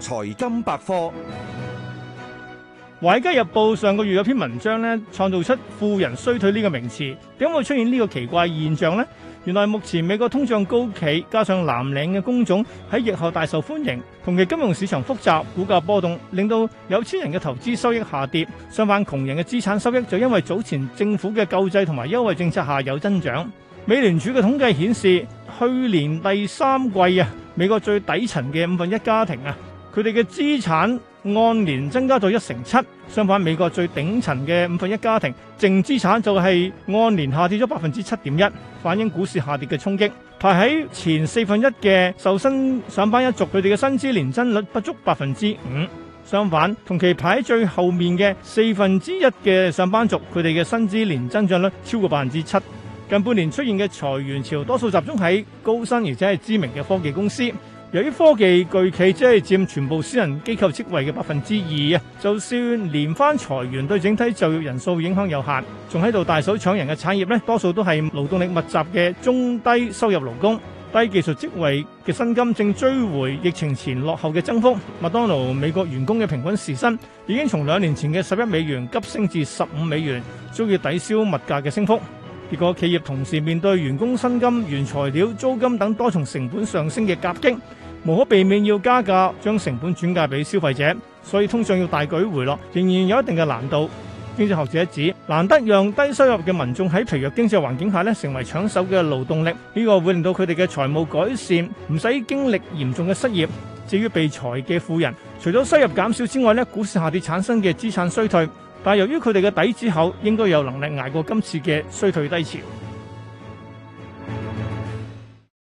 財金百科《華爾街日報》上個月有篇文章咧，創造出富人衰退呢個名詞。點會出現呢個奇怪現象呢？原來目前美國通脹高企，加上藍領嘅工種喺疫後大受歡迎，同期金融市場複雜，股價波動令到有錢人嘅投資收益下跌，相反窮人嘅資產收益就因為早前政府嘅救濟同埋優惠政策下有增長。美聯儲嘅統計顯示，去年第三季啊，美國最底層嘅五分一家庭啊，佢哋嘅資產按年增加咗一成七，相反美國最頂層嘅五分一家庭淨資產就係按年下跌咗百分之七點一，反映股市下跌嘅衝擊。排喺前四分一嘅受薪上班一族，佢哋嘅薪資年增率不足百分之五，相反同期排喺最後面嘅四分之一嘅上班族，佢哋嘅薪資年增長率超過百分之七。近半年出現嘅裁員潮，多數集中喺高薪而且係知名嘅科技公司。由於科技巨企即係佔全部私人機構職位嘅百分之二啊，就算連番裁員對整體就業人數影響有限，仲喺度大手搶人嘅產業咧，多數都係勞動力密集嘅中低收入勞工、低技術職位嘅薪金正追回疫情前落後嘅增幅。麥當勞美國員工嘅平均時薪已經從兩年前嘅十一美元急升至十五美元，足以抵消物價嘅升幅。結果企業同時面對員工薪金、原材料、租金等多重成本上升嘅夾擊，無可避免要加價，將成本轉嫁俾消費者。所以通脹要大舉回落，仍然有一定嘅難度。經濟學者指，難得讓低收入嘅民眾喺疲弱經濟環境下咧，成為搶手嘅勞動力。呢、這個會令到佢哋嘅財務改善，唔使經歷嚴重嘅失業。至於被裁嘅富人，除咗收入減少之外咧，股市下跌產生嘅資產衰退。但由於佢哋嘅底子厚，應該有能力捱過今次嘅衰退低潮。